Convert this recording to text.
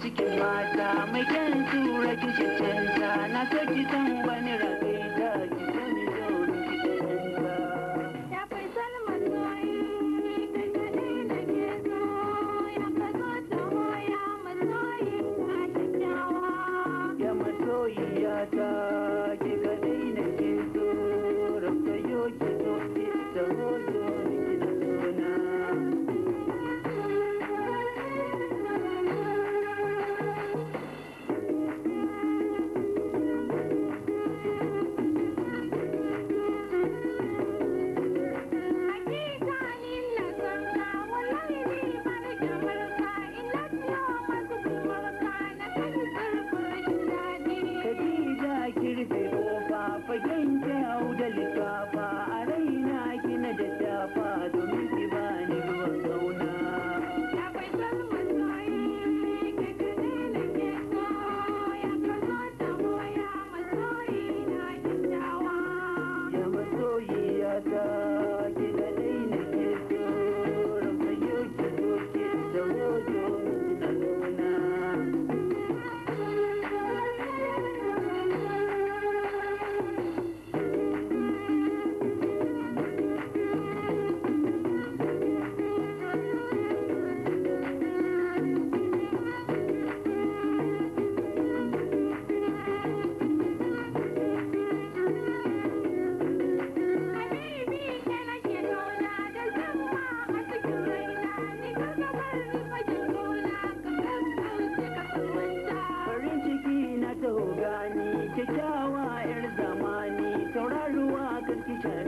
cikin mata mai kyan tura kishin na saki san bani raga kyakkyawa yar zamani tauraruwa kan kishan